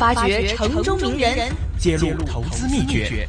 發掘城中名人，揭露投資秘訣。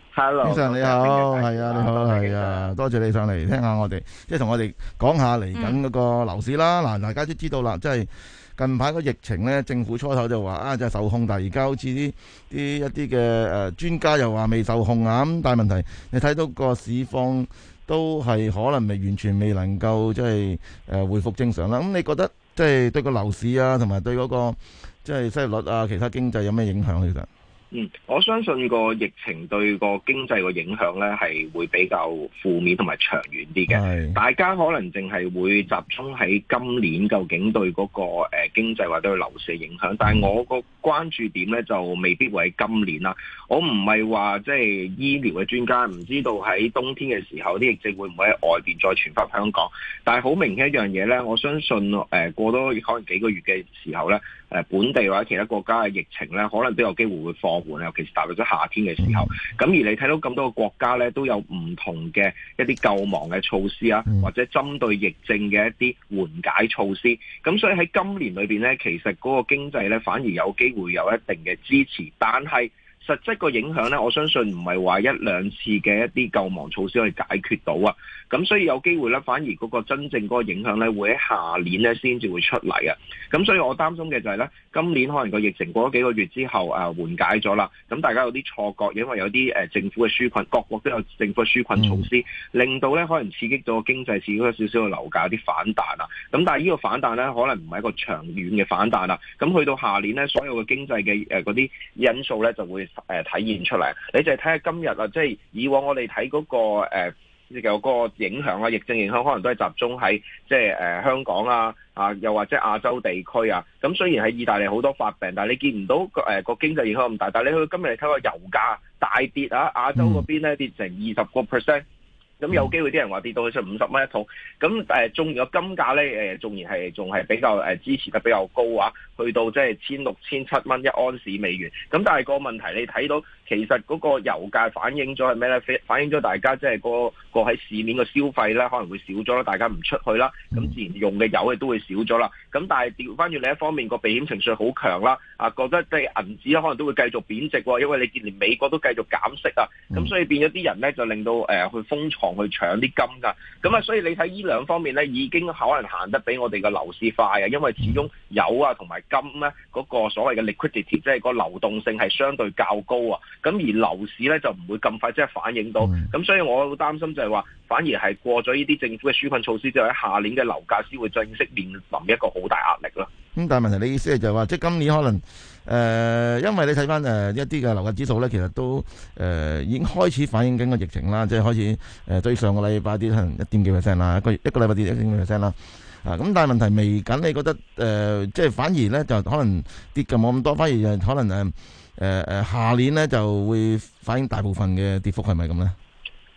先生你好，係啊，你好係啊，啊，多謝你上嚟聽下我哋，即係同我哋講下嚟緊嗰個樓市啦。嗱、嗯，大家都知道啦，即係近排個疫情咧，政府初頭就話啊，就係、受控，但係而家好似啲啲一啲嘅誒專家又話未受控啊。咁但係問題，你睇到個市況都係可能未完全未能夠即係誒回復正常啦。咁、嗯、你覺得即係對個樓市啊，同埋對嗰、嗰個即係失業率啊，其他經濟有咩影響咧？其實？嗯，我相信個疫情對個經濟個影響咧，係會比較負面同埋長遠啲嘅。大家可能淨係會集中喺今年究竟對嗰個誒經濟或者對樓市嘅影響，嗯、但係我個關注點咧就未必會喺今年啦。我唔係話即係醫療嘅專家，唔知道喺冬天嘅時候啲疫症會唔會喺外邊再傳返香港。但係好明顯一樣嘢咧，我相信誒過多可能幾個月嘅時候咧。誒本地或者其他國家嘅疫情咧，可能都有機會會放緩，尤其是踏入咗夏天嘅時候。咁而你睇到咁多個國家咧，都有唔同嘅一啲救亡嘅措施啊，或者針對疫症嘅一啲緩解措施。咁所以喺今年裏邊咧，其實嗰個經濟咧反而有機會有一定嘅支持，但係。實質個影響咧，我相信唔係話一兩次嘅一啲救亡措施可以解決到啊。咁所以有機會咧，反而嗰個真正嗰個影響咧，會喺下年咧先至會出嚟啊。咁所以我擔心嘅就係咧，今年可能個疫情過咗幾個月之後啊，緩解咗啦，咁大家有啲錯覺，因為有啲政府嘅紓困，各國都有政府嘅紓困措施，令到咧可能刺激到經濟，刺激咗少少嘅樓價，有啲反彈啊。咁但係呢個反彈咧，可能唔係一個長遠嘅反彈啊。咁去到下年咧，所有嘅經濟嘅呃嗰啲因素咧就會。誒體現出嚟，你就係睇下今日啊，即係以往我哋睇嗰個有、呃那個影響啊，疫症影響可能都係集中喺即係誒、呃、香港啊，啊又或者亞洲地區啊。咁雖然喺意大利好多發病，但係你見唔到誒個、呃、經濟影響咁大。但係你去到今日嚟睇，個油價大跌啊，亞洲嗰邊咧跌成二十個 percent。咁有機會啲人話跌到去出五十蚊一桶，咁誒，仲、呃、有金價咧，仲、呃、然係仲係比較、呃、支持得比較高啊，去到即係千六千七蚊一盎司美元，咁但係個問題你睇到。其實嗰個油價反映咗係咩咧？反映咗大家即係個個喺市面嘅消費咧可能會少咗啦，大家唔出去啦，咁自然用嘅油亦都會少咗啦。咁但係調翻轉另一方面，個避險情緒好強啦，啊覺得即係銀紙咧可能都會繼續貶值喎，因為你見連美國都繼續減息啊，咁所以變咗啲人咧就令到誒去瘋狂去搶啲金㗎。咁啊，所以你睇呢兩方面咧已經可能行得比我哋嘅樓市快啊，因為始終油啊同埋金咧嗰個所謂嘅 liquidity，即係個流動性係相對較高啊。咁而樓市咧就唔會咁快即係反映到，咁、嗯、所以我好擔心就係話，反而係過咗呢啲政府嘅紓困措施之後，喺下年嘅樓價先會正式面臨一個好大壓力咯。咁、嗯、但係問題，你意思係就係話，即係今年可能誒、呃，因為你睇返誒一啲嘅樓價指數咧，其實都誒、呃、已經開始反映緊個疫情啦，即係開始誒對、呃、上個禮拜跌可能一點幾 percent 啦，一個禮拜跌一點幾 percent 啦。啊，咁但係問題未緊，你覺得誒、呃，即係反而咧就可能跌咁冇咁多，反而可能、呃誒、呃、誒，下年咧就會反映大部分嘅跌幅係咪咁咧？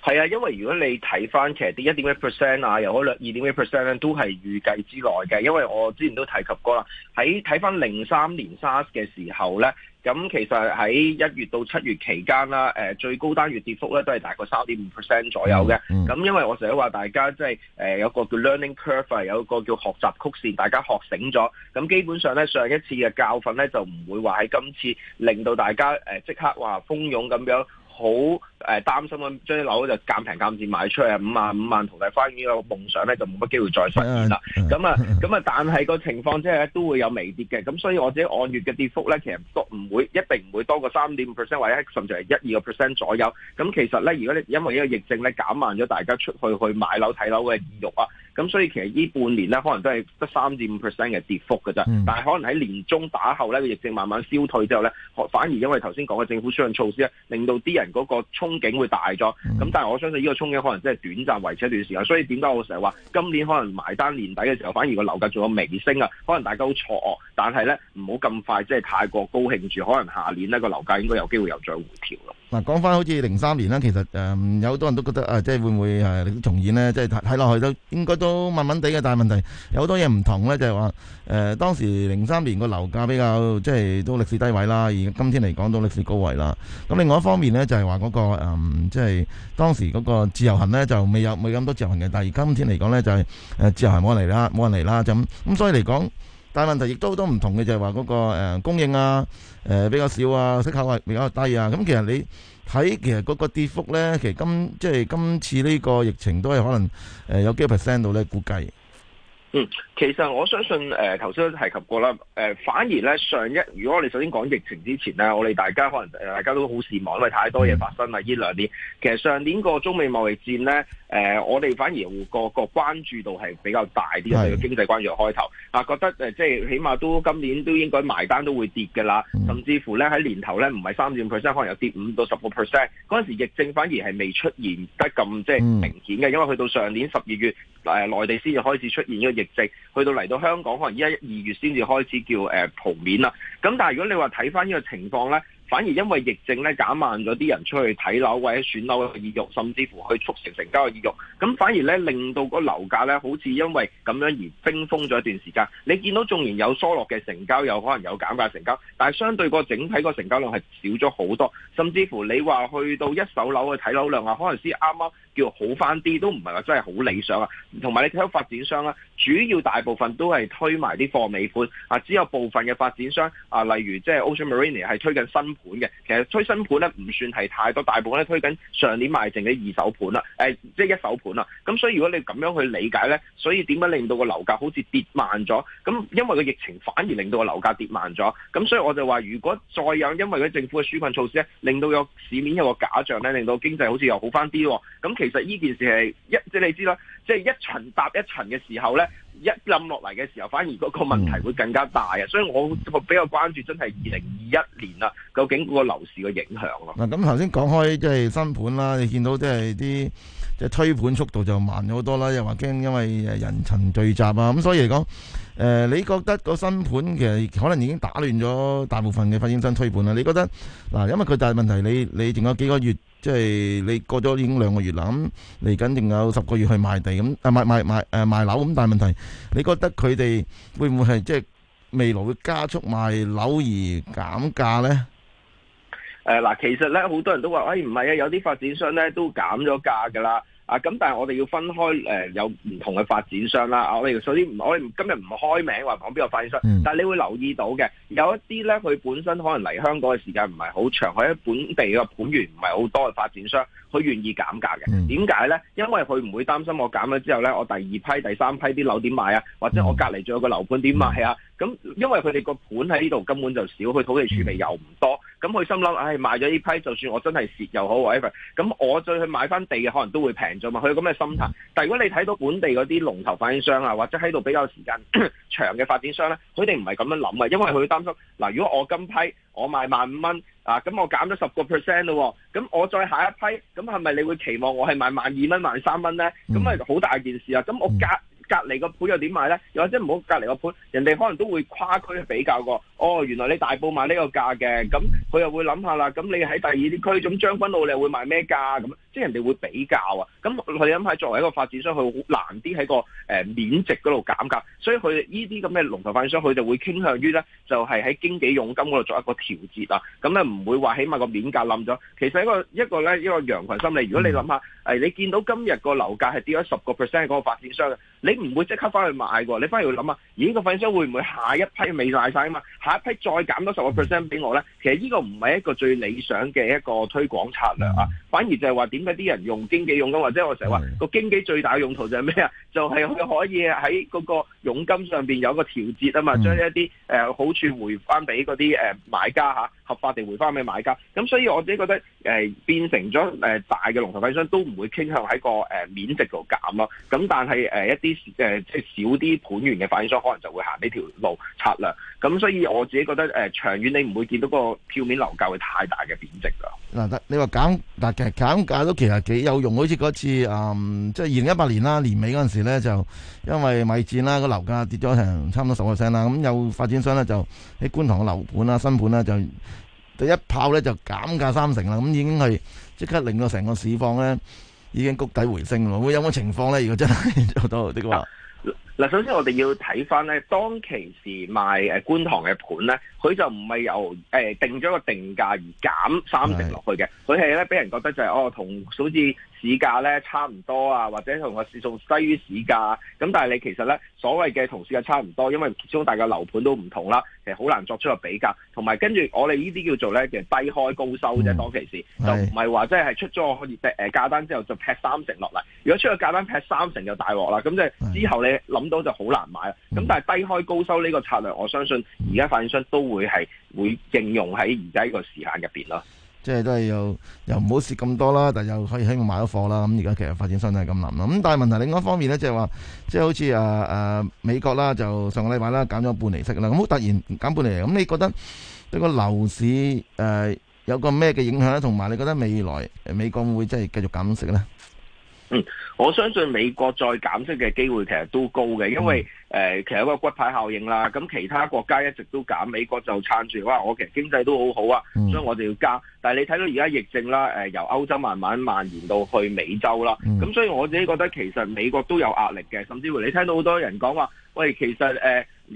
係啊，因為如果你睇翻，其實跌一點一 percent 啊，又可能二點一 percent 咧，都係預計之內嘅。因為我之前都提及過啦，喺睇翻零三年 SARS 嘅時候咧。咁其實喺一月到七月期間啦，誒最高單月跌幅咧都係大概三點五 percent 左右嘅。咁因為我成日話大家即係誒有個叫 learning curve，有個叫學習曲線，大家學醒咗。咁基本上咧，上一次嘅教訓咧就唔會話喺今次令到大家誒即刻話蜂擁咁樣。好誒擔心啊！將啲樓就減平減價賣出去，五萬五萬淘大花園呢個夢想咧就冇乜機會再實現啦。咁啊，咁啊，但係個情況即係咧都會有微跌嘅。咁所以我自己按月嘅跌幅咧，其實都唔會一定唔會多過三點五 percent，或者甚至係一二個 percent 左右。咁其實咧，如果你因為呢個疫症咧減慢咗大家出去去買樓睇樓嘅意欲啊，咁所以其實呢半年咧可能都係得三點五 percent 嘅跌幅㗎啫、嗯。但係可能喺年中打後咧，個疫症慢慢消退之後咧，反而因為頭先講嘅政府相關措施咧，令到啲人，嗰、那個憧憬會大咗，咁但係我相信呢個憧憬可能真係短暫維持一段時間，所以點解我成日話今年可能埋單年底嘅時候，反而個樓價仲有微升啊？可能大家都好錯愕，但係呢唔好咁快即係太過高興住，可能下年呢個樓價應該有機會又再回調咯。嗱、啊，講翻好似零三年啦，其實誒、嗯，有好多人都覺得啊，即係會唔會誒、啊、重現？咧？即係睇睇落去都應該都慢慢地嘅，但係問題有好多嘢唔同咧，就係話誒，當時零三年個樓價比較即係都歷史低位啦，而今天嚟講都歷史高位啦。咁另外一方面咧，就係話嗰個誒、即、嗯、係、就是、當時嗰個自由行咧就未有未咁多自由行嘅，但係而今天嚟講咧就係、是、誒、啊、自由行冇人嚟啦，冇人嚟啦，咁咁所以嚟講。但問題亦都好多唔同嘅，就係話嗰個、呃、供應啊，誒、呃、比較少啊，息口係比較低啊。咁、嗯、其實你睇其實嗰、那個、個跌幅咧，其實今即係今次呢個疫情都係可能誒、呃、有幾 percent 度咧估計。嗯，其實我相信誒頭先都提及過啦、呃，反而咧上一，如果我哋首先講疫情之前咧，我哋大家可能、呃、大家都好羨望，因為太多嘢發生啦。呢、嗯、兩年，其實上年個中美貿易戰咧，誒、呃、我哋反而個個關注度係比較大啲嘅、嗯係個、經濟關注嘅開頭，啊覺得即係、呃、起碼都今年都應該埋單都會跌㗎啦、嗯，甚至乎咧喺年頭咧唔係三點 percent，可能有跌五到十個 percent。嗰陣時疫症反而係未出現得咁即係明顯嘅，因為去到上年十二月誒內、呃、地先至開始出現呢個疫。疫症去到嚟到香港，可能一二月先至開始叫呃、鋪面啦。咁但係如果你話睇翻呢個情況呢，反而因為疫症呢，減慢咗啲人出去睇樓或者選樓嘅意欲，甚至乎去促成成交嘅意欲。咁反而呢，令到個樓價呢好似因為咁樣而冰封咗一段時間。你見到縱然有疏落嘅成交，又可能有減價成交，但係相對個整體個成交量係少咗好多，甚至乎你話去到一手樓嘅睇樓量啊，可能先啱啱。叫好翻啲都唔係話真係好理想啊，同埋你睇下發展商啦，主要大部分都係推埋啲貨尾盤啊，只有部分嘅發展商啊，例如即係 Ocean Marina 係推緊新盤嘅，其實推新盤咧唔算係太多，大部分咧推緊上年賣剩嘅二手盤啦，誒即係一手盤啦，咁所以如果你咁樣去理解咧，所以點解令到個樓價好似跌慢咗？咁因為個疫情反而令到個樓價跌慢咗，咁所以我就話如果再有因為嗰政府嘅舒困措施咧，令到個市面有個假象咧，令到經濟好似又好翻啲，咁其實呢件事係一即係你知啦，即係一層搭一層嘅時候咧。一冧落嚟嘅時候，反而嗰個問題會更加大啊！所以我我比較關注真係二零二一年啦，究竟個樓市嘅影響咯。嗱，咁頭先講開即係新盤啦，你見到即係啲即係推盤速度就慢咗好多啦，又話驚因為誒人群聚集啊，咁所以嚟講，誒你覺得個新盤其實可能已經打亂咗大部分嘅發展商推盤啦？你覺得嗱，因為佢大問題，你你仲有幾個月，即係你過咗已經兩個月啦，咁嚟緊仲有十個月去賣地咁，啊賣賣賣誒賣樓咁，大問題。你覺得佢哋會唔會係即係未來會加速賣樓而減價呢？誒，嗱，其實咧好多人都話，誒、哎，唔係啊，有啲發展商咧都減咗價噶啦。.啊，咁但係我哋要分開，誒、呃、有唔同嘅發展商啦。我哋首先唔，我哋今日唔開名話講邊個發展商，嗯、但係你會留意到嘅，有一啲咧佢本身可能嚟香港嘅時間唔係好長，佢喺本地嘅盤源唔係好多嘅發展商，佢願意減價嘅。點解咧？因為佢唔會擔心我減咗之後咧，我第二批、第三批啲樓點賣啊，或者我隔離仲有個樓盤點賣啊？咁因為佢哋個盤喺呢度根本就少，佢土地儲備又唔多。咁佢心諗，唉、哎，賣咗呢批，就算我真係蝕又好，whatever。咁我再去買翻地嘅，可能都會平咗嘛。佢有咁嘅心態。但係如果你睇到本地嗰啲龍頭發展商啊，或者喺度比較時間長嘅發展商咧，佢哋唔係咁樣諗啊，因為佢擔心嗱，如果我今批我賣萬五蚊啊，咁我減咗十個 percent 咯，咁我再下一批，咁係咪你會期望我係賣萬二蚊、萬三蚊咧？咁啊好大件事啊！咁我加。嗯隔離個盤又點買呢？又或者唔好隔離個盤，人哋可能都會跨區去比較過。哦，原來你大埔買呢個價嘅，咁佢又會諗下啦。咁你喺第二啲區，咁將軍澳你又會買咩價？咁即係人哋會比較啊。咁佢諗下作為一個發展商，佢好難啲喺個誒面值嗰度減價。所以佢呢啲咁嘅龍頭發展商，佢就會傾向於呢，就係喺經紀佣金嗰度作一個調節啊。咁咧唔會話起碼個面價冧咗。其實一個一個咧，一個羊群心理。如果你諗下，誒你見到今日個樓價係跌咗十個 percent 嗰個發展商嘅。你唔會即刻翻去買㗎，你翻去要諗啊，而家個粉商會唔會下一批未賣晒啊嘛？下一批再減多十個 percent 俾我咧，其實呢個唔係一個最理想嘅一個推廣策略啊，mm -hmm. 反而就係話點解啲人用經紀用㗎，或者我成日話個經紀、mm -hmm. 最大用途就係咩啊？就係、是、佢可以喺嗰個佣金上面有一個調節啊嘛，mm -hmm. 將一啲好處回翻俾嗰啲誒買家合法地回翻俾買家，咁所以我自己覺得誒、呃、變成咗誒、呃、大嘅龍頭發展商都唔會傾向喺、那個誒、呃、面值度減咯，咁但係誒、呃、一啲誒即係少啲盤源嘅發展商可能就會行呢條路策略，咁所以我自己覺得誒、呃、長遠你唔會見到個票面樓價會太大嘅貶值㗎。嗱、啊，你話減嗱、啊、其實減價都其實幾有用，好似嗰次誒即係二零一八年啦，年尾嗰陣時咧就因為米戰啦，個樓價跌咗成差唔多十個 percent 啦，咁有發展商咧就喺觀塘嘅樓盤啦、新盤啦，就。第一炮咧就減價三成啦，咁已經係即刻令到成個市況咧已經谷底回升喎。會有冇情況咧？如果真係做到嘅話？嗱，首先我哋要睇翻咧，當其時賣誒觀塘嘅盤咧，佢就唔係由誒、呃、定咗個定價而減三成落去嘅，佢係咧俾人覺得就係、是、哦同好似市價咧差唔多啊，或者同個市數低於市價。咁但係你其實咧所謂嘅同市價差唔多，因為其中大嘅樓盤都唔同啦，其實好難作出個比較。同埋跟住我哋呢啲叫做咧，其實低開高收啫、嗯，當其時就唔係話即係出咗可以劈價單之後就劈三成落嚟。如果出咗價單劈三成就大鑊啦。咁即係之後你諗。咁就好難買啊！咁但係低開高收呢個策略，我相信而家發展商都會係會應用喺而家呢個時限入邊咯。即係都係又又唔好蝕咁多啦，但又可以喺度買咗貨啦。咁而家其實發展商都係咁諗。咁但係問題另外一方面呢，即係話即係好似啊啊，美國啦，就上個禮拜啦減咗半厘息啦，咁好突然減半厘，咁你覺得對個樓市誒、呃、有個咩嘅影響咧？同埋你覺得未來美國會即係繼續減息呢？嗯。我相信美國再減息嘅機會其實都高嘅，因為誒、呃、其實有個骨牌效應啦，咁其他國家一直都減，美國就撐住話我其實經濟都好好啊，所以我哋要加。嗯、但係你睇到而家疫症啦、呃，由歐洲慢慢蔓延到去美洲啦，咁、嗯、所以我自己覺得其實美國都有壓力嘅，甚至乎你聽到好多人講話，喂，其實誒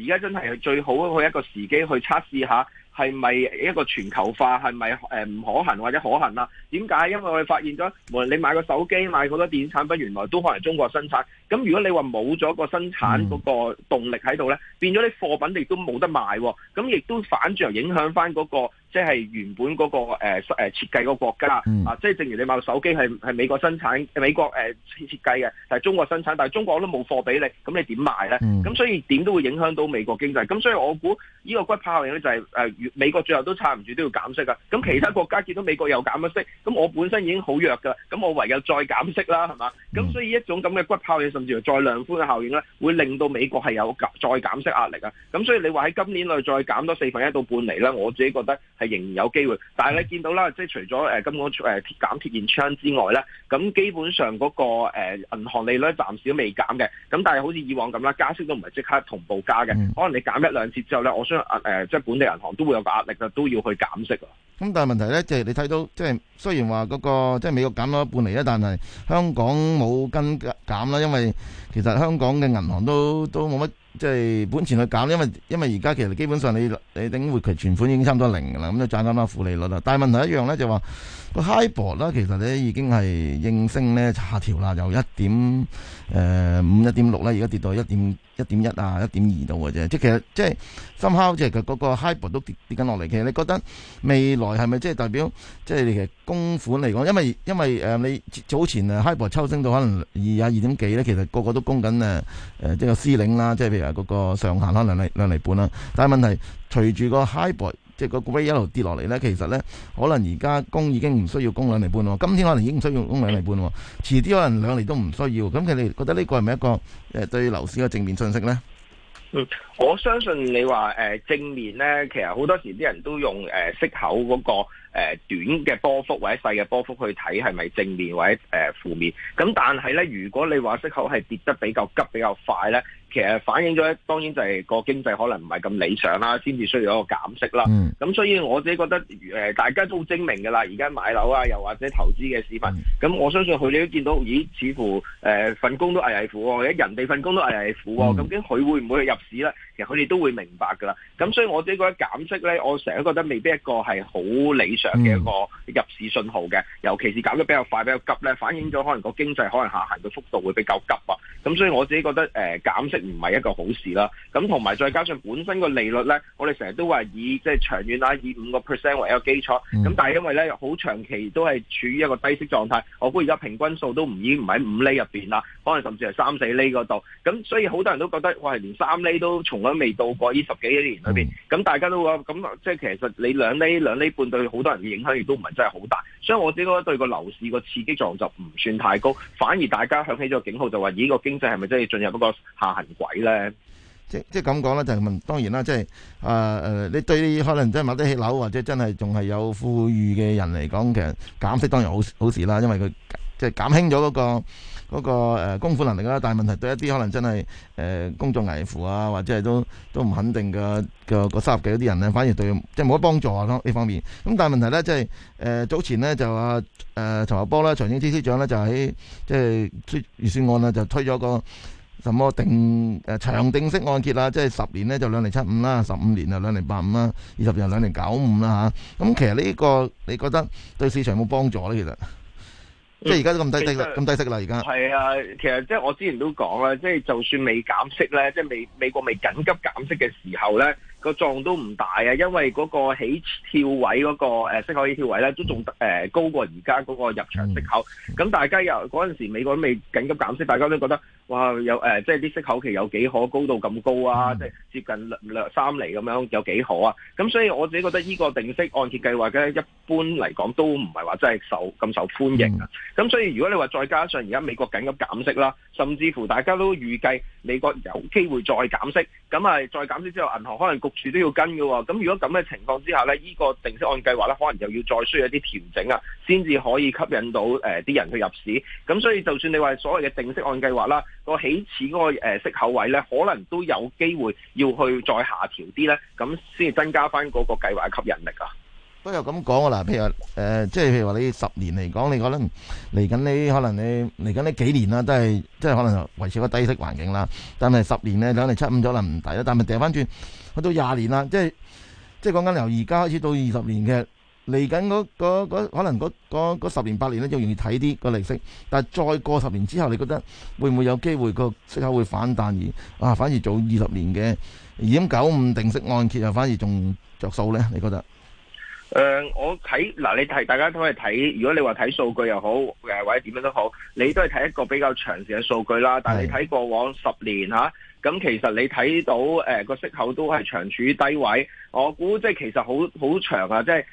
而家真係係最好去一個時機去測試一下。係咪一個全球化？係咪誒唔可行或者可行啊？點解？因為我哋發現咗，無論你買個手機，買好多電子產品，原來都可能中國生產。咁如果你話冇咗個生產嗰個動力喺度咧，變咗啲貨品你亦都冇得賣，咁亦都反轉又影響翻、那、嗰個即係、就是、原本嗰個誒誒設計嗰個國家啊！即、嗯、係正如你買手機係係美國生產、美國誒設計嘅，但係中國生產，但係中國都冇貨俾你，咁你點賣咧？咁、嗯、所以點都會影響到美國經濟。咁所以我估呢個骨炮嘢咧就係美國最後都撐唔住都要減息㗎。咁其他國家見到美國又減咗息，咁我本身已經好弱㗎，咁我唯有再減息啦，係嘛？咁、嗯、所以一種咁嘅骨炮再量寬嘅效應咧，會令到美國係有再減息壓力啊！咁所以你話喺今年內再減多四分一到半厘啦，我自己覺得係仍然有機會。但係你見到啦，即係除咗誒今個誒減貼現窗之外咧，咁基本上嗰個誒銀行利率暫時都未減嘅。咁但係好似以往咁啦，加息都唔係即刻同步加嘅，可能你減一兩次之後咧，我相信誒即係本地銀行都會有個壓力啊，都要去減息啊！咁但係問題咧，即係你睇到即係雖然話嗰個即係美國減咗半厘啊，但係香港冇跟減啦，因為其實香港嘅銀行都都冇乜即係本錢去搞，因為因為而家其實基本上你你頂活期存款已經差唔多零噶啦，咁就賺緊啦負利率啦。但係問題一樣咧，就話個 HIBOR 啦，其實咧已經係應聲咧下調啦，由一點誒五一點六啦，而家跌到一點。一點一啊，一點二度嘅啫，即係其實即係深 w 即係佢嗰個 HIBOR 都跌跌緊落嚟。其實你覺得未來係咪即係代表即係你其實供款嚟講，因為因為誒、呃、你早前啊 HIBOR 抽升到可能二啊二點幾咧，其實個個都供緊誒即係個 ceiling 啦，即係譬如嗰個上限啦兩釐兩釐半啦，但係問題隨住個 HIBOR。即係個高位一路跌落嚟咧，其實咧可能而家供已經唔需要供兩厘半喎，今天可能已經唔需要供兩厘半喎，遲啲可能兩厘都唔需要。咁佢哋覺得呢個係咪一個誒對樓市嘅正面訊息咧？嗯我相信你話誒正面咧，其實好多時啲人都用誒息口嗰個短嘅波幅或者細嘅波幅去睇係咪正面或者誒負面。咁但係咧，如果你話息口係跌得比較急、比較快咧，其實反映咗當然就係個經濟可能唔係咁理想啦，先至需要一個減息啦。咁、嗯、所以我自己覺得誒大家都好精明㗎啦，而家買樓啊，又或者投資嘅市民，咁、嗯、我相信佢哋都見到，咦？似乎誒、呃、份工都危危乎喎、哦，或者人哋份工都危危乎喎、哦，嗯、究竟佢會唔會去入市咧？佢哋都會明白㗎啦，咁所以我自己覺得減息咧，我成日覺得未必一個係好理想嘅一個入市信號嘅、嗯，尤其是減得比較快、比較急咧，反映咗可能個經濟可能下行嘅速度會比較急啊。咁所以我自己覺得誒、呃、減息唔係一個好事啦。咁同埋再加上本身個利率咧，我哋成日都話以即係、就是、長遠啦以五個 percent 為一個基礎，咁、嗯、但係因為咧好長期都係處於一個低息狀態，我估而家平均數都唔已經唔喺五厘入邊啦，可能甚至係三四厘嗰度。咁所以好多人都覺得，喂，連三厘都從都未到過呢十幾年裏邊咁、嗯、大家都話咁，即係其實你兩厘兩厘半對好多人嘅影響亦都唔係真係好大，所以我覺得對個樓市個刺激作用就唔算太高，反而大家響起咗警號就，就話咦個經濟係咪真係進入嗰個下行軌咧？即即係咁講呢，就係、是、問當然啦，即係啊、呃、你對你可能真係買得起樓或者真係仲係有富裕嘅人嚟講，其實減息當然好好事啦，因為佢即係減輕咗嗰、嗰個。嗰、那個供、呃、供款能力啦，但係問題對一啲可能真係誒工作危乎啊，或者係都都唔肯定嘅嘅三十幾啲人咧，反而對即係冇乜幫助啊。呢方面。咁但係問題咧，即係誒早前咧就阿誒陳茂波啦，財政司司長咧就喺即係預算案啊，就推咗個什麼定誒、呃、長定息按揭啦，即係十年咧就兩零七五啦，十五年就兩零八五啦，二十年就兩零九五啦嚇。咁、啊、其實呢、呢個你覺得對市場有冇幫助咧？其實？嗯、即係而家都咁低息啦，咁低息啦而家。係啊，其實即係我之前都講啦，即係就算未減息咧，即係美美國未緊急減息嘅時候咧。個作用都唔大啊，因為嗰個起跳位嗰、那個、呃、息口起跳位咧，都仲誒、呃、高過而家嗰個入場息口。咁、嗯、大家又嗰陣時美國未緊急減息，大家都覺得哇有誒，即係啲息口期有幾可高到咁高啊！嗯、即係接近兩三厘咁樣有幾可啊！咁所以我自己覺得呢個定息按揭計劃咧，一般嚟講都唔係話真係受咁受歡迎啊。咁、嗯、所以如果你話再加上而家美國緊急減息啦，甚至乎大家都預計美國有機會再減息，咁啊再減息之後，銀行可能處都要跟嘅喎，咁如果咁嘅情況之下呢，呢個定息按計劃呢，可能又要再需要一啲調整啊，先至可以吸引到誒啲人去入市。咁所以就算你話所謂嘅定息按計劃啦，個起始嗰個誒息口位呢，可能都有機會要去再下調啲呢。咁先至增加翻嗰個計劃嘅吸引力啊。都有咁講啊，嗱，譬如誒、呃，即係譬如話你十年嚟講，你可能嚟緊呢，可能你嚟緊呢幾年啦，都係即係可能維持個低息環境啦。但係十年呢，可能七五咗啦唔抵啦，但係掉翻轉。都廿年啦，即係即係講緊由而家開始到二十年嘅嚟緊嗰可能、嗰個、十年八年呢，就容易睇啲個利息。但係再過十年之後，你覺得會唔會有機會個息口會反彈而啊，反而早二十年嘅，而咁九五定息按揭又反而仲着數呢？你覺得？誒、呃，我睇嗱，你睇大家都係睇，如果你話睇數據又好，誒或者點樣都好，你都係睇一個比較長時嘅數據啦。但係你睇過往十年吓。啊咁其實你睇到誒個、呃、息口都係長處於低位，我估即係其實好好長啊！即係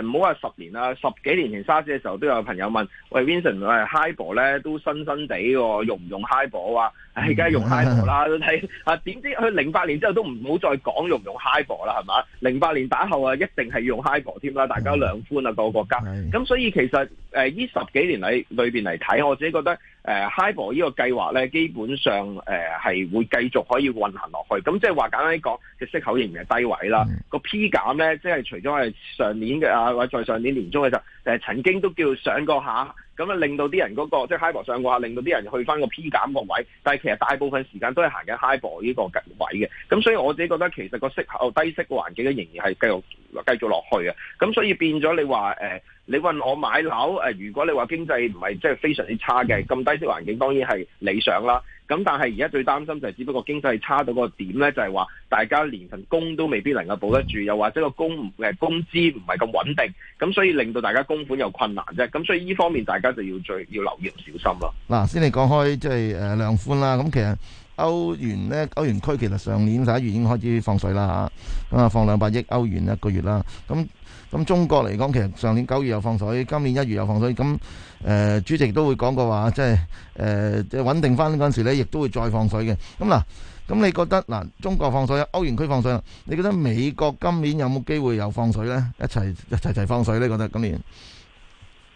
誒唔好話十年啦，十幾年前沙士嘅時候都有朋友問：喂 Vincent，誒 HIBOR 咧都新新地喎，用唔用 HIBOR 啊？唉、哎，梗係用 HIBOR 啦，都睇啊，點知佢零八年之後都唔好再講用唔用 HIBOR 啦，係嘛？零八年打後啊，一定係用 HIBOR 添啦，大家兩歡啊， 個國家。咁 所以其實誒呢、呃、十幾年嚟裏邊嚟睇，我自己覺得。誒、uh, Hybrid 呢個計劃咧，基本上誒係、uh, 會繼續可以運行落去，咁即係話簡單啲講，嘅息口型嘅低位啦。Mm. 個 P 減咧，即係除咗係上年嘅啊，或者再上年年中嘅時候、呃，曾經都叫上過下。咁啊，令到啲人嗰、那個即係、就是、high 博上嘅下，令到啲人去翻個 P 減個位，但係其實大部分時間都係行緊 high 博呢個位嘅。咁所以我自己覺得，其實個息低息個環境仍然係繼續繼續落去嘅。咁所以變咗你話、呃、你問我買樓、呃、如果你話經濟唔係即係非常之差嘅，咁低息環境當然係理想啦。咁但係而家最擔心就係，只不過經濟差到個點呢，就係話大家連份工都未必能夠保得住，又或者個工唔誒工資唔係咁穩定，咁所以令到大家供款又困難啫。咁所以呢方面大家就要最要留意小心咯。嗱、就是，先嚟講開即係誒量寬啦。咁其實歐元呢，歐元區其實上年十一月已經開始放水啦，咁啊放兩百億歐元一個月啦。咁、啊咁中國嚟講，其實上年九月又放水，今年一月又放水。咁誒，主席都會講過話，即係誒，即係穩定返嗰陣時咧，亦都會再放水嘅。咁嗱，咁你覺得嗱，中國放水，歐元區放水啦，你覺得美國今年有冇機會有放水呢？一齊一齊齊放水呢，你覺得今年？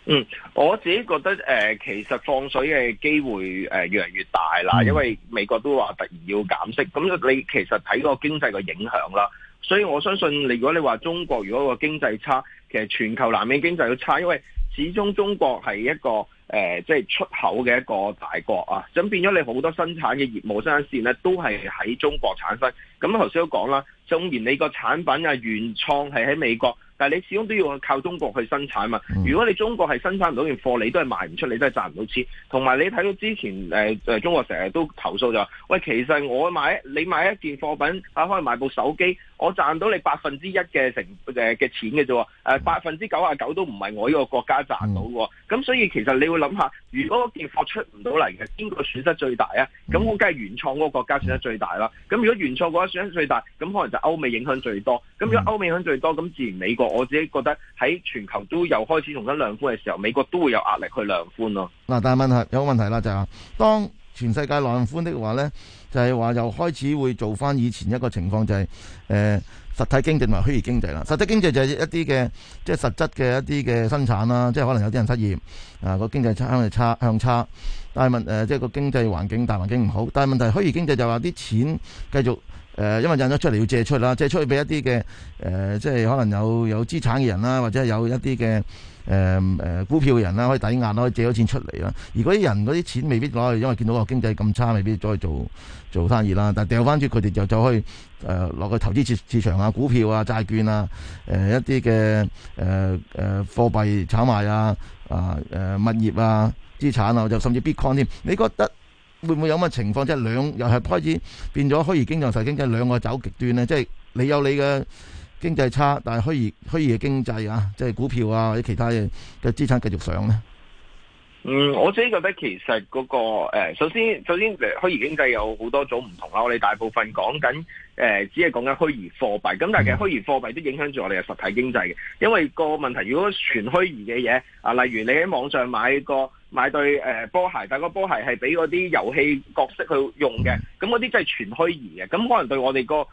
嗯，我自己覺得誒，其實放水嘅機會誒越嚟越大啦，因為美國都話突然要減息，咁你其實睇個經濟嘅影響啦。所以我相信你，你如果你話中國如果個經濟差，其實全球南美經濟都差，因為始終中國係一個誒、呃，即係出口嘅一個大國啊。咁變咗你好多生產嘅業務生產線咧，都係喺中國產生。咁頭先都講啦，縱然你個產品啊原創係喺美國，但係你始終都要靠中國去生產嘛。如果你中國係生產唔到件貨，你都係賣唔出，你都係賺唔到錢。同埋你睇到之前、呃、中國成日都投訴就話，喂，其實我買你買一件貨品，啊，可能買部手機。我賺到你百分之一嘅成誒嘅錢嘅啫，誒、呃、百分之九十九都唔係我呢個國家賺到嘅，咁、嗯、所以其實你會諗下，如果個跌出唔到嚟嘅，邊個損失最大啊？咁我梗係原創嗰個國家損失最大啦。咁如果原創嗰個國家損失最大，咁可能就歐美影響最多。咁如果歐美影響最多，咁自然美國我自己覺得喺全球都又開始重新量寬嘅時候，美國都會有壓力去量寬咯。嗱，但係問下有個問題啦，就係、是、當。全世界量寬的話呢就係、是、話又開始會做翻以前一個情況，就係誒實體經濟同埋虛擬經濟啦。實體經濟就係一啲嘅即係實質嘅一啲嘅生產啦，即係可能有啲人失業啊，個經濟差向差向差。但係問誒，即係個經濟環境大環境唔好。但係問題，虛擬經濟就話啲錢繼續誒、呃，因為印咗出嚟要借出啦，借出去俾一啲嘅誒，即係可能有有資產嘅人啦，或者有一啲嘅，誒誒股票嘅人啦，可以抵押啦，可以借咗錢出嚟啦。而啲人嗰啲錢未必攞去，因為見到個經濟咁差，未必再做做生意啦。但係掉翻轉佢哋就就可以落去、呃、投資市市場啊，股票啊、債券啊、呃、一啲嘅誒誒貨幣炒賣啊、啊、呃呃、物業啊資產啊，就甚至 bitcoin 添。你覺得會唔會有乜情況，即係兩又係開始變咗虛擬經濟同實經濟兩個走極端咧？即係你有你嘅。經濟差，但係虛擬虛擬嘅經濟啊，即係股票啊或者其他嘅嘅資產繼續上咧。嗯，我自己覺得其實嗰、嗰個誒、呃，首先首先虛擬經濟有好多種唔同啦。我哋大部分講緊誒，只係講緊虛擬貨幣。咁但係其實虛擬貨幣都影響住我哋嘅實體經濟嘅，因為個問題如果全虛擬嘅嘢啊，例如你喺網上買個。買對誒波鞋，但係個波鞋係俾嗰啲遊戲角色去用嘅，咁嗰啲真係全虛擬嘅，咁可能對我哋個誒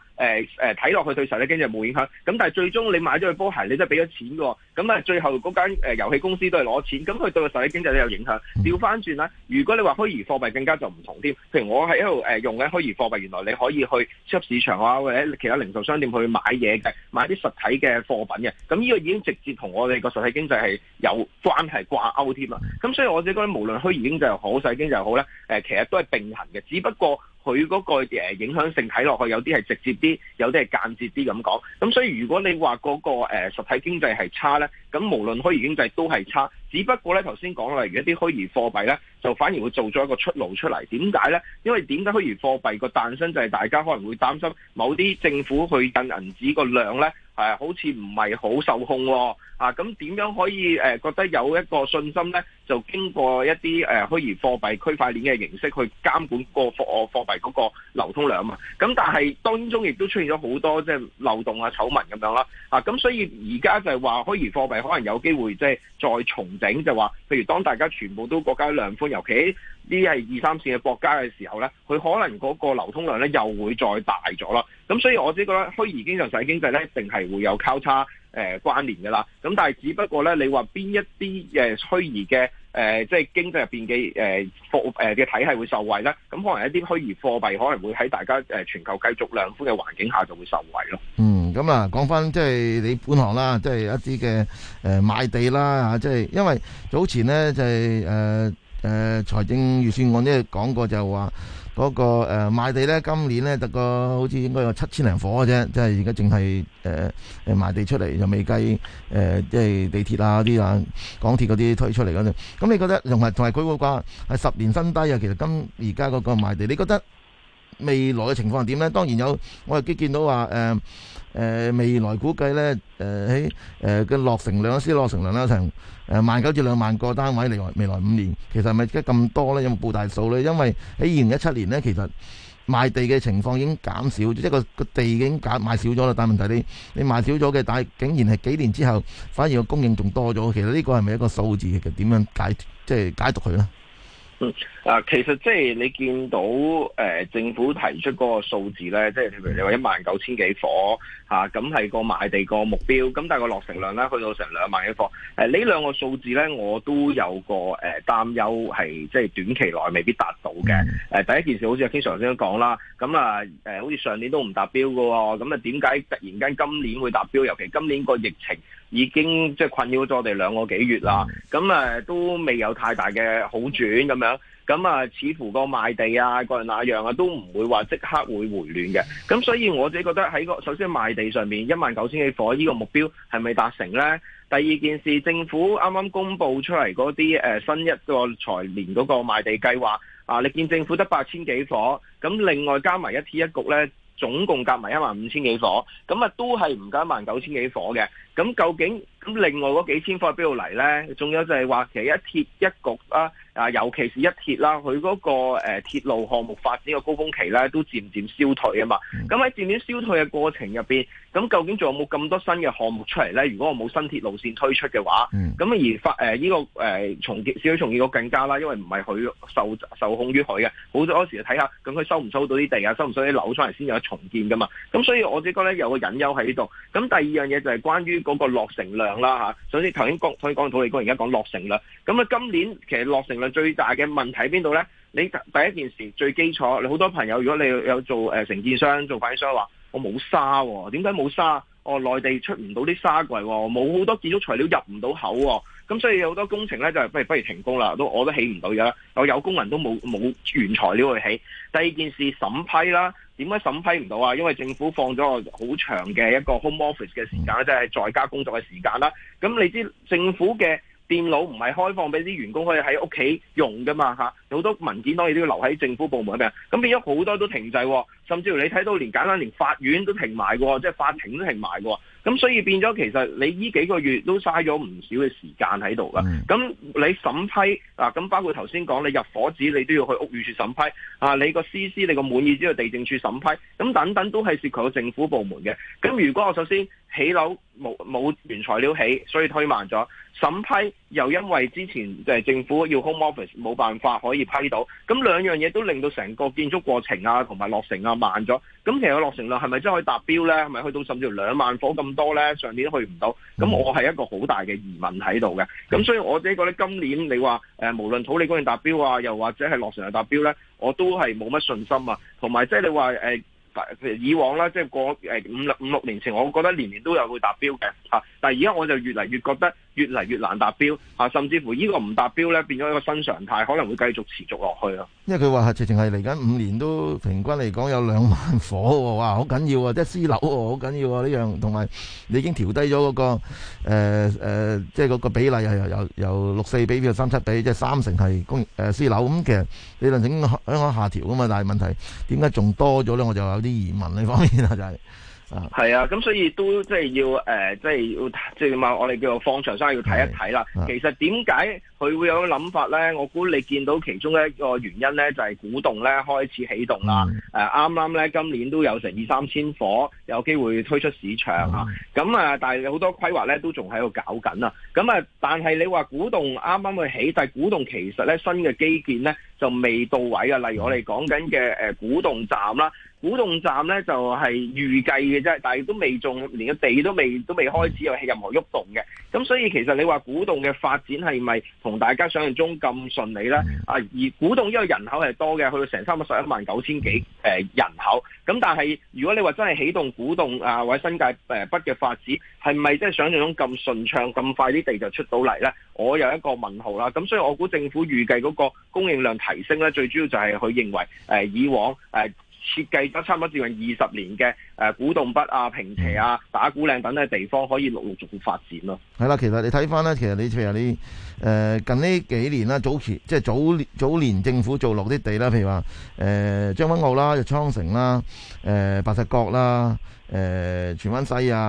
誒睇落去對實體經濟冇影響，咁但係最終你買咗對波鞋，你都係俾咗錢嘅，咁但最後嗰間誒遊戲公司都係攞錢，咁佢對個實體經濟都有影響。調翻轉啦，如果你話虛擬貨幣更加就唔同添，譬如我喺度誒用嘅虛擬貨幣，原來你可以去出市場啊，或者其他零售商店去買嘢嘅，買啲實體嘅貨品嘅，咁呢個已經直接同我哋個實體經濟係有關係掛鈎添啦，咁所以我。呢個無論虛擬經濟又好，實經濟又好咧，誒，其實都係並行嘅，只不過。佢嗰個影響性睇落去，有啲係直接啲，有啲係間接啲咁講。咁所以如果你話嗰個誒實體經濟係差呢，咁無論虛擬經濟都係差。只不過呢，頭先講落嚟而家啲虛擬貨幣呢，就反而會做咗一個出路出嚟。點解呢？因為點解虛擬貨幣個誕生就係大家可能會擔心某啲政府去印銀紙個量呢，係好似唔係好受控喎。啊，咁點樣可以誒覺得有一個信心呢？就經過一啲誒虛擬貨幣區塊鏈嘅形式去監管個貨幣貨幣，嗰個流通量嘛，咁但係當中亦都出現咗好多即係漏洞啊、醜聞咁樣啦，啊咁所以而家就係話虛擬貨幣可能有機會即係再重整，就話譬如當大家全部都國家量寬，尤其啲係二三線嘅國家嘅時候咧，佢可能嗰個流通量咧又會再大咗啦，咁所以我只覺得虛擬經濟經濟咧一定係會有交叉。誒、呃、關聯㗎啦，咁但係只不過咧，你話邊一啲誒虛擬嘅誒、呃，即係經濟入邊嘅貨幣嘅體系會受惠咧？咁可能一啲虛擬貨幣可能會喺大家誒、呃、全球繼續量寬嘅環境下就會受惠咯。嗯，咁啊，講翻即係你本行啦，即、就、係、是、一啲嘅誒賣地啦即係、就是、因為早前呢，就係誒誒財政預算案咧講過就話。嗰、那個誒、呃、賣地咧，今年咧得個好似應該有七千零伙啫，即係而家淨係誒誒賣地出嚟，就未計誒即係地鐵啊啲啊港鐵嗰啲推出嚟嗰啲。咁你覺得同埋同埋佢會話係十年新低啊？其實今而家嗰個賣地，你覺得？未來嘅情況係點咧？當然有，我亦見到話，誒、呃、誒、呃、未來估計咧，誒喺誒嘅落成量，先、呃、落成量啦，成誒萬九至兩萬個單位嚟，未來五年其實係咪而家咁多咧？有冇報大數咧？因為喺二零一七年咧，其實賣地嘅情況已經減少，即係個個地已經減賣少咗啦。但問題你你賣少咗嘅，但係竟然係幾年之後，反而個供應仲多咗。其實呢個係咪一個數字其實點樣解即係、就是、解讀佢咧？嗯，啊，其實即係你見到誒、呃，政府提出嗰個數字咧，即係譬如你話一萬九千幾伙吓，咁、啊、係個賣地個目標，咁但係個落成量咧去到成兩萬幾伙，誒、呃，兩數呢兩個數字咧，我都有個誒擔憂，係、呃、即係短期內未必達到嘅。誒、呃，第一件事好似阿 K Sir 先講啦，咁啊，誒，好似、呃、上年都唔達標噶，咁啊，點解突然間今年會達標？尤其今年個疫情。已經即係困擾咗我哋兩個幾月啦，咁誒都未有太大嘅好轉咁樣，咁啊，似乎個賣地啊、各樣那樣啊，都唔會話即刻會回暖嘅。咁所以我自己覺得喺個首先賣地上面一萬九千幾火呢個目標係咪達成呢？第二件事，政府啱啱公佈出嚟嗰啲誒新一個財年嗰個賣地計劃啊，你見政府得八千幾火，咁另外加埋一鐵一局呢，總共夾埋一萬五千幾火，咁啊都係唔夠一萬九千幾火嘅。咁究竟咁另外嗰幾千塊喺邊度嚟咧？仲有就係話其實一鐵一局啊，啊尤其是一鐵啦，佢嗰、嗰個誒、呃、鐵路項目發展嘅高峰期咧，都漸漸消退啊嘛。咁、嗯、喺漸漸消退嘅過程入邊，咁究竟仲有冇咁多新嘅項目出嚟咧？如果我冇新鐵路線推出嘅話，咁、嗯、而發誒呢、呃呢個誒、呃、重，重建少少重建更加啦，因為唔係佢受受控於佢嘅，好多時就睇下咁佢收唔收到啲地啊，收唔收啲樓出嚟先有得重建噶嘛。咁所以我覺得有個隱憂喺呢度。咁第二樣嘢就係關於。嗰、那個落成量啦嚇、啊，首先頭先講，頭先講土地，而家講落成量。咁咧今年其實落成量最大嘅問題喺邊度咧？你第一件事最基礎，你好多朋友如果你有做誒承、呃、建商、做發展商話，說我冇沙、哦、沙，點解冇沙？我內地出唔到啲沙過嚟、哦，冇好多建築材料入唔到口、哦，咁所以有好多工程咧就係不如不如停工啦，都我都起唔到嘅。我了了有工人都冇冇原材料去起。第二件事審批啦。點解審批唔到啊？因為政府放咗個好長嘅一個 home office 嘅時間，即係在家工作嘅時間啦。咁你知政府嘅電腦唔係開放俾啲員工可以喺屋企用噶嘛？嚇，好多文件當然都要留喺政府部門入邊。咁變咗好多都停滯。甚至乎你睇到連簡單連法院都停埋喎，即係法庭都停埋喎。咁所以變咗其實你呢幾個月都嘥咗唔少嘅時間喺度噶，咁你審批咁包括頭先講你入伙紙你都要去屋宇處審批啊，你個 CC 你個滿意之後地政處審批，咁等等都係涉及政府部門嘅。咁如果我首先起樓冇冇原材料起，所以推慢咗審批。又因為之前政府要 home office 冇辦法可以批到，咁兩樣嘢都令到成個建築過程啊，同埋落成啊慢咗。咁其實落成量係咪真係可以達標呢？係咪去到甚至乎兩萬夥咁多呢？上年都去唔到，咁我係一個好大嘅疑問喺度嘅。咁所以我自己覺得今年你話誒、呃，無論土地供應達標啊，又或者係落成啊達標呢，我都係冇乜信心啊。同埋即係你話、呃、以往啦即係過五五六年前，我覺得年年都有會達標嘅、啊、但係而家我就越嚟越覺得。越嚟越難達標，嚇、啊，甚至乎這個不達標呢個唔達標咧，變咗一個新常態，可能會繼續持續落去咯。因為佢話直情係嚟緊五年都平均嚟講有兩萬火、哦，哇，好緊要啊！即係私樓、哦，好緊要啊！呢樣同埋你已經調低咗嗰、那個誒、呃呃、即係嗰個比例又又由，由，由六四比變三七比，即係三成係公誒、呃、私樓。咁、嗯、其實理論上已經香港下調噶嘛，但係問題點解仲多咗咧？我就有啲疑問呢方面啊，就係、是。係啊，咁所以都即係要誒，即係要、呃、即係嘛，即我哋叫做放長線，要睇一睇啦。其實點解佢會有個諗法咧？我估你見到其中一個原因咧，就係古洞咧開始啟動啦。誒、嗯，啱啱咧今年都有成二三千伙有機會推出市場啊。咁、嗯、啊，但係好多規劃咧都仲喺度搞緊啊。咁啊，但係你話古洞啱啱去起，但係古洞其實咧新嘅基建咧就未到位啊。例如我哋講緊嘅誒古洞站啦。古洞站咧就係預計嘅啫，但係都未仲，連個地都未都未開始有任何喐動嘅。咁所以其實你話古洞嘅發展係咪同大家想象中咁順利咧？啊，而古洞因為人口係多嘅，去到成三十一萬九千幾人口。咁但係如果你話真係起動古洞啊或者新界誒、呃、北嘅發展，係咪真係想象中咁順暢咁快啲地，地就出到嚟咧？我有一個問號啦。咁所以我估政府預計嗰個供應量提升咧，最主要就係佢認為、呃、以往、呃設計得差唔多接近二十年嘅誒古洞北啊、坪輋啊、打鼓嶺等嘅地方，可以陸陸續續發展咯、啊。係、嗯、啦，其實你睇翻咧，其實你譬如話你誒近呢幾年啦，早期即係早年早年政府做落啲地啦，譬如話誒將軍澳啦、昌城啦、誒、呃、白石角啦、誒荃灣西啊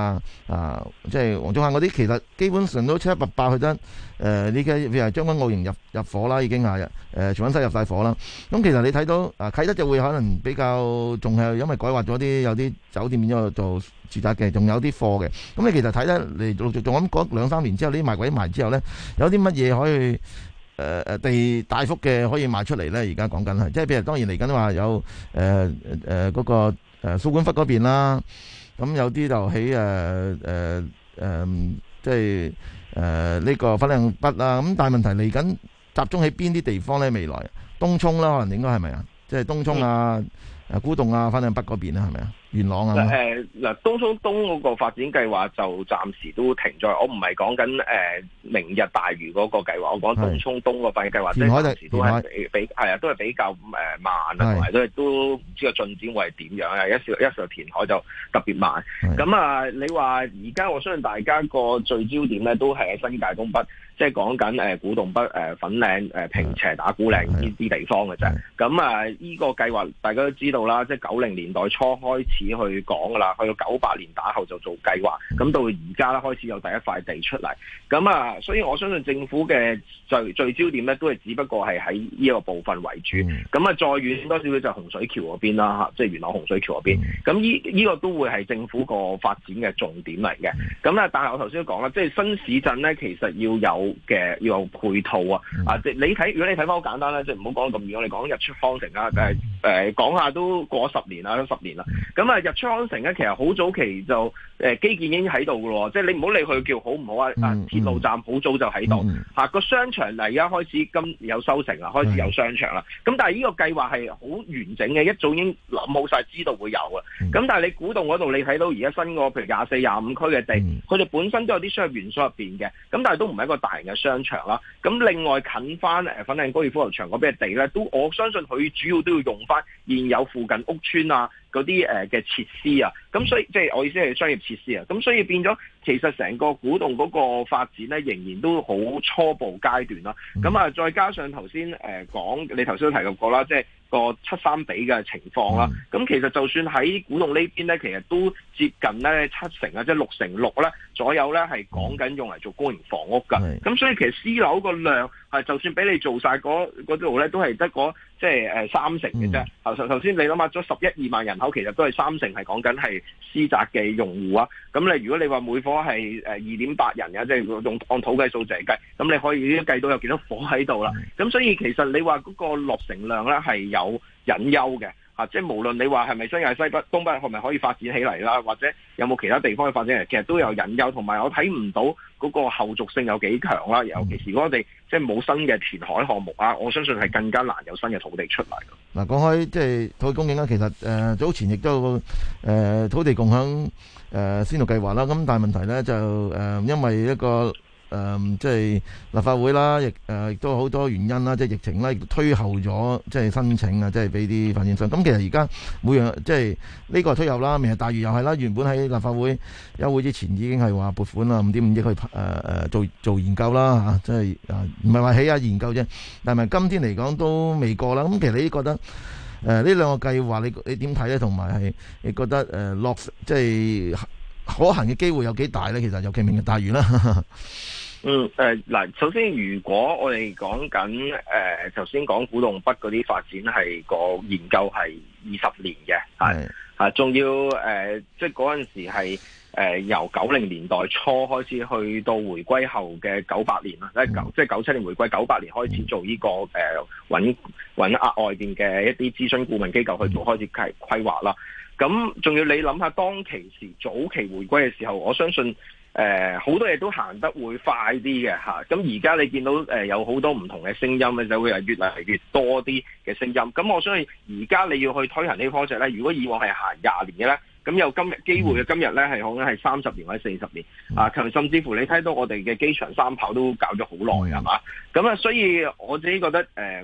啊、呃，即係黃竹坑嗰啲，其實基本上都七七八八去得。誒，呢家譬如將軍澳營入入伙啦，已經係誒荃灣西入晒火啦。咁其實你睇到啊啟德就會可能比較仲係，因為改劃咗啲有啲酒店變咗做住宅嘅，仲有啲貨嘅。咁你其實睇得嚟陸續仲咁講兩三年之後，呢啲賣鬼埋之後咧，有啲乜嘢可以誒誒地大幅嘅可以賣出嚟咧？而家講緊係，即係譬如當然嚟緊話有誒誒嗰個誒蘇館忽嗰邊啦，咁有啲就喺誒誒誒即係。誒、呃、呢、這個粉嶺北啊，咁大問題嚟緊，集中喺邊啲地方咧？未來東涌啦，可能應該係咪啊？即係東涌啊、古、嗯、洞啊、翻、啊、到北嗰邊啦，係咪啊？元朗啊？誒、呃，嗱、呃，東涌東嗰個發展計劃就暫時都停咗，我唔係講緊誒明日大嶼嗰個計劃，我講東涌東個發展計劃，即係、就是、時都係比係啊，都係比較誒慢啊，同埋都係都唔知個進展會係點樣啊，一少一少填海就特別慢。咁啊，你話而家我相信大家個聚焦點咧，都係喺新界東北。即係講緊誒古洞北誒粉嶺誒坪輋打鼓嶺呢啲地方嘅啫。咁啊，呢個計劃大家都知道啦，即係九零年代初開始去講㗎啦，去到九八年打後就做計劃。咁到而家咧開始有第一塊地出嚟。咁啊，所以我相信政府嘅最最焦點咧，都係只不過係喺呢個部分為主。咁啊，再遠多少少就洪水橋嗰邊啦嚇，即係元朗洪水橋嗰邊。咁呢依個都會係政府個發展嘅重點嚟嘅。咁啊，但係我頭先都講啦，即係新市鎮咧，其實要有，嘅要有配套啊，啊即你睇，如果你睇翻好簡單咧，即係唔好講咁遠，我哋講日出康城啦、啊，但係誒、呃、講下都過十年啦，都十年啦，咁啊日出康城咧、啊，其實好早期就誒、呃、基建已經喺度噶咯，即係你唔好理佢叫好唔好啊，啊鐵路站好早就喺度，嚇、嗯、個、嗯啊、商場嚟而家開始今有收成啦，開始有商場啦，咁但係呢個計劃係好完整嘅，一早已經諗好晒，知道會有啊。咁、嗯、但係你古洞嗰度你睇到而家新嗰個譬如廿四廿五區嘅地，佢、嗯、哋本身都有啲商業元素入邊嘅，咁但係都唔係一個大嘅商場啦，咁另外近翻誒粉嶺高爾夫球場嗰邊嘅地咧，都我相信佢主要都要用翻現有附近屋邨啊嗰啲誒嘅設施啊，咁所以即係我意思係商業設施啊，咁所以變咗其實成個古洞嗰個發展咧，仍然都好初步階段啦。咁啊，再加上頭先誒講，你頭先都提到過啦，即係。個七三比嘅情況啦，咁、嗯、其實就算喺古洞呢邊咧，其實都接近咧七成啊，即係六成六呢左右咧係講緊用嚟做公營房屋噶。咁、嗯、所以其實私樓個量係就算俾你做晒嗰嗰度咧，都係得嗰即係誒三成嘅啫。頭頭先你諗下，咗十一二萬人口，其實都係三成係講緊係私宅嘅用戶啊。咁你如果你話每伙係誒二點八人啊，即係用按土計數嚟計，咁你可以計到有幾多火喺度啦。咁、嗯、所以其實你話嗰個落成量咧係有。有隱憂嘅，吓，即係無論你話係咪新界西北、東北係咪可以發展起嚟啦，或者有冇其他地方嘅發展嚟，其實都有隱憂，同埋我睇唔到嗰個後續性有幾強啦。尤其是我哋即係冇新嘅填海項目啊，我相信係更加難有新嘅土地出嚟。嗱、嗯，講開即係土地供應啦，其實誒、呃、早前亦都誒土地共享誒、呃、先導計劃啦，咁但係問題咧就誒、呃、因為一個。誒、嗯，即係立法會啦，亦誒亦都有好多原因啦，即係疫情啦，推後咗，即係申請啊，即係俾啲發展商。咁其實而家每樣，即係呢個是推後啦，明日大嶼又係啦。原本喺立法會休會之前已經係話撥款啦，五點五億去誒誒做做研究啦，吓、啊，即係啊，唔係話起下研究啫。但係今天嚟講都未過啦。咁其實你覺得誒呢兩個計劃，你你點睇咧？同埋係你覺得誒落、呃，即係？可行嘅機會有幾大呢？其實尤其明日大嶼啦。 嗯，誒，嗱，首先如果我哋講緊，誒、呃，頭先講古洞北嗰啲發展係個研究係二十年嘅，係啊，仲要誒、呃，即係嗰陣時係誒、呃、由九零年代初開始去到回歸後嘅九八年啦、嗯，即係九即係九七年回歸九八年開始做呢、這個誒揾揾額外嘅一啲諮詢顧問機構去做、嗯、開始計規劃啦。咁仲要你諗下當其時早期回歸嘅時候，我相信誒好、呃、多嘢都行得會快啲嘅嚇。咁而家你見到、呃、有好多唔同嘅聲音就會越嚟越多啲嘅聲音。咁我相信而家你要去推行呢個方式，咧，如果以往係行廿年嘅咧，咁有今日機會嘅今日咧，係可能係三十年或者四十年、嗯、啊，甚至乎你睇到我哋嘅機場三跑都搞咗好耐係嘛？咁、嗯、啊，所以我自己覺得誒、呃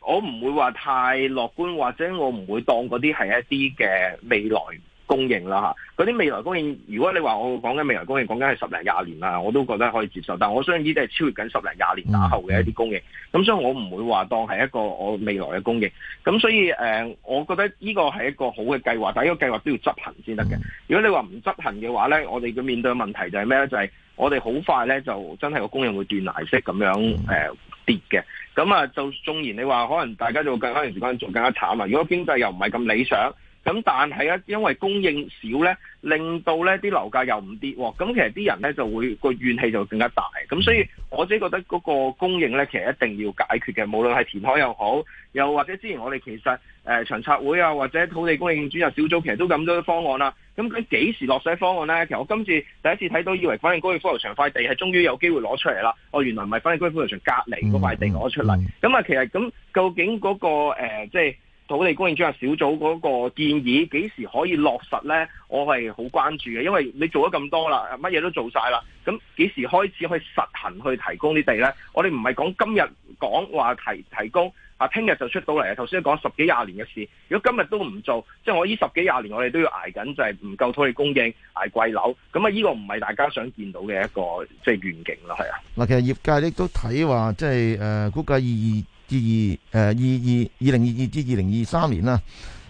我唔會話太樂觀，或者我唔會當嗰啲係一啲嘅未來供應啦嚇。嗰啲未來供應，如果你話我講緊未來供應，講緊係十零廿年啦，我都覺得可以接受。但我相信呢啲係超越緊十零廿年打後嘅一啲供應。咁、嗯、所以，我唔會話當係一個我未來嘅供應。咁所以，誒、呃，我覺得呢個係一個好嘅計劃，但係呢個計劃都要執行先得嘅。如果你話唔執行嘅話咧，我哋嘅面對問問題就係咩咧？就係、是、我哋好快咧就真係個供應會斷崖式咁樣誒、嗯呃、跌嘅。咁啊，就縱然你話可能大家就更嗰段時間仲更加慘啦。如果經濟又唔係咁理想，咁但係一因為供應少咧，令到咧啲樓價又唔跌喎。咁其實啲人咧就會、個怨氣就會更加大。咁所以我自己覺得嗰個供應咧，其實一定要解決嘅。無論係填海又好，又或者之前我哋其實。誒長策會啊，或者土地供應專責小組，其實都咁多的方案啦、啊。咁佢幾時落實方案呢？其實我今次第一次睇到，以為粉嶺高爾夫球場塊地係終於有機會攞出嚟啦。哦，原來唔係粉嶺高爾夫球場隔離嗰塊地攞出嚟。咁、嗯、啊，嗯嗯、咁其實咁究竟嗰、嗰個即係、呃即係、土地供應專責小組嗰個建議幾時可以落實呢？我係好關注嘅，因為你做咗咁多啦，乜嘢都做晒啦。咁幾時開始去實行去提供啲地呢？我哋唔係講今日講話提提供。啊！聽日就出到嚟啊！頭先講十幾廿年嘅事，如果今日都唔做，即係我呢十幾廿年，我哋都要挨緊，就係、是、唔夠土地供應，挨貴樓。咁啊，呢個唔係大家想見到嘅一個即係願景啦係啊！嗱，其實業界亦都睇話，即係誒，估計二二二誒二二二零二二至二零二三年啦、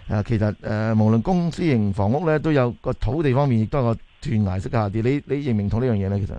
呃。其實誒、呃，無論公私型房屋咧，都有個土地方面亦都係個斷崖式下跌。你你認唔認同呢樣嘢咧？其實誒、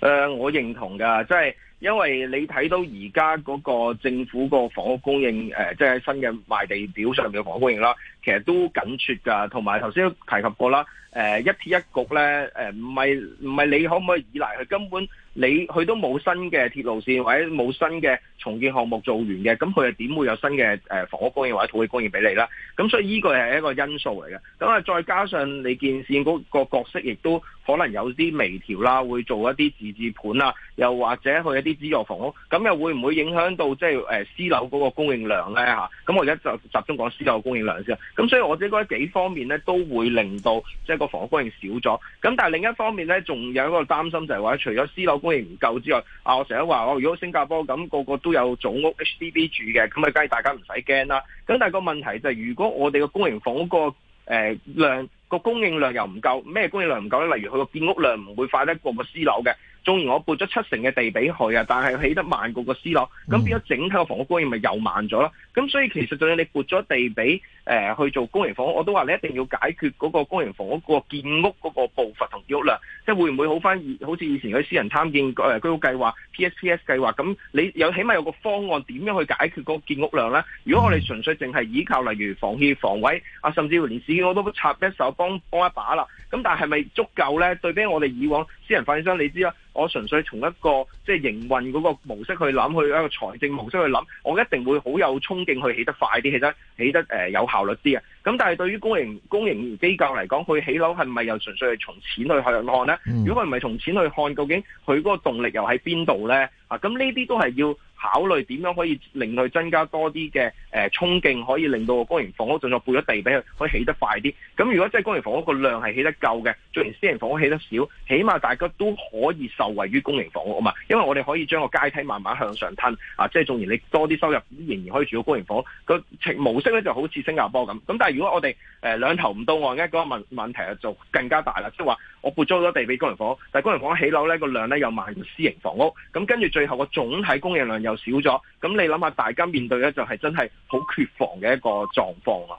呃，我認同噶，即、就、係、是。因為你睇到而家嗰個政府個房屋供應，誒，即係新嘅賣地表上面嘅房屋供應啦。其實都緊缺㗎，同埋頭先都提及過啦。一鐵一局咧，唔係唔係你可唔可以依賴佢？根本你佢都冇新嘅鐵路線或者冇新嘅重建項目做完嘅，咁佢又點會有新嘅誒房屋供應或者土地供應俾你啦？咁所以依個係一個因素嚟嘅。咁啊，再加上你建線嗰個角色，亦都可能有啲微調啦，會做一啲自治盤啊，又或者佢一啲資助房屋，咁又會唔會影響到即係誒私樓嗰個供應量咧？咁我而家就集中講私樓嘅供應量先。咁所以我覺得嗰幾方面咧都會令到即係、就是、個房屋供應少咗。咁但係另一方面咧，仲有一個擔心就係、是、話，除咗私樓供應唔夠之外，啊我成日話我如果新加坡咁、那個個都有總屋 HDB 住嘅，咁啊梗係大家唔使驚啦。咁但係個問題就係、是，如果我哋嘅公營房屋個誒、呃、量，個供應量又唔夠，咩供應量唔夠咧？例如佢個建屋量唔會快得過個私樓嘅，縱然我撥咗七成嘅地俾佢啊，但係起得慢過個私樓，咁變咗整體個房屋供應咪又慢咗咯？咁、嗯、所以其實就算你撥咗地俾誒、呃、去做公營房屋，我都話你一定要解決嗰個公營房屋、個建屋嗰個步伐同建屋量，即係會唔會好翻？好似以前嗰啲私人參建誒居屋計劃、PSPS 計劃，咁你有起碼有個方案點樣去解決個建屋量咧？如果我哋純粹淨係依靠，例如房協、房委，啊，甚至乎連市建我都插一手。幫幫一把啦，咁但係咪足夠呢？對比我哋以往私人發展商，你知啦，我純粹從一個即係營運嗰個模式去諗，去一個財政模式去諗，我一定會好有衝勁去起得快啲，起得起得、呃、有效率啲嘅。咁但係對於公營公營機構嚟講，佢起樓係咪又純粹係從錢去看呢？嗯、如果佢唔係從錢去看，究竟佢嗰個動力又喺邊度呢？啊，咁呢啲都係要。考慮點樣可以令佢增加多啲嘅、誒衝勁，可以令到個公營房屋仲再撥咗地俾佢，可以起得快啲。咁如果真係公營房屋個量係起得夠嘅，雖然私營房屋起得少，起碼大家都可以受惠於公營房屋啊嘛。因為我哋可以將個階梯慢慢向上褪，啊，即係縱然你多啲收入仍然可以住到公營房屋個模式咧，就好似新加坡咁。咁但係如果我哋誒、呃、兩頭唔到岸嘅嗰，那個問問題就更加大啦，即係話我撥租咗地俾公營房屋，但係公營房屋起樓咧、那個量咧又慢過私營房屋，咁跟住最後個總體供應量又。少咗，咁你諗下，大家面對咧就係真係好缺乏嘅一個狀況啊。